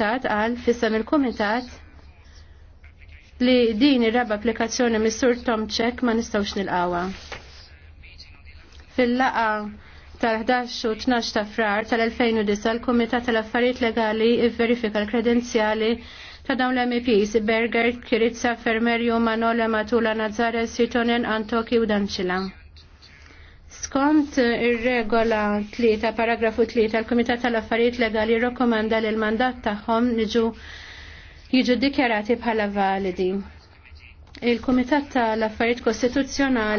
tat għal fissam il-komitat li din ir-raba applikazzjoni mis-sur Tom Check ma nistawx nilqawa. Fil-laqa tal-11 u 12 ta' frar tal-2009 l-Komitat tal-Affarijiet Legali verifika l-kredenzjali ta' dawn l-MEPs Berger, Kirizza, Fermerju, Manola, Matula, Nazare, Sitonen, Antoki u Danċila skont ir-regola 3 paragrafu 3 tal-Kumitat tal-Affarijiet Legali rrakkomanda li l-mandat tagħhom niġu jiġu dikjarati bħala validi. Il-Kumitat tal-Affarijiet Kostituzzjonali